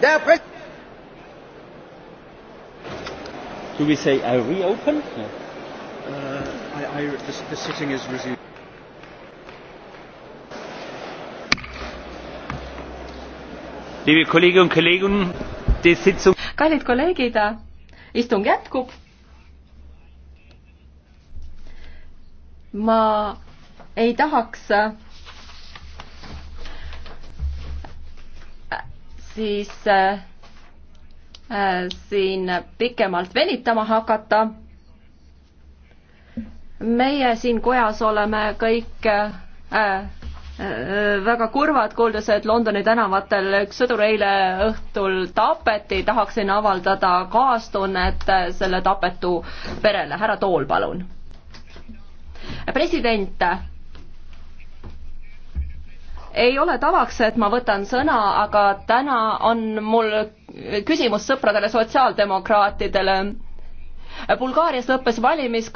D'après. Do we say I reopen? No. Uh, I, I, the, the sitting is resumed. Liebe Kolleginnen und Kollegen, die Sitzung. Kallid kolleegid, istung jätkub. ma ei tahaks siis äh, äh, siin pikemalt venitama hakata. meie siin kojas oleme kõik äh, äh, väga kurvad, kuuldes, et Londoni tänavatel üks sõdur eile õhtul tapeti, tahaksin avaldada kaastunnet äh, selle tapetu perele. härra Tool, palun. president ei ole tavaks, et ma võtan sõna, aga täna on mul küsimus sõpradele sotsiaaldemokraatidele. Bulgaarias lõppes valimis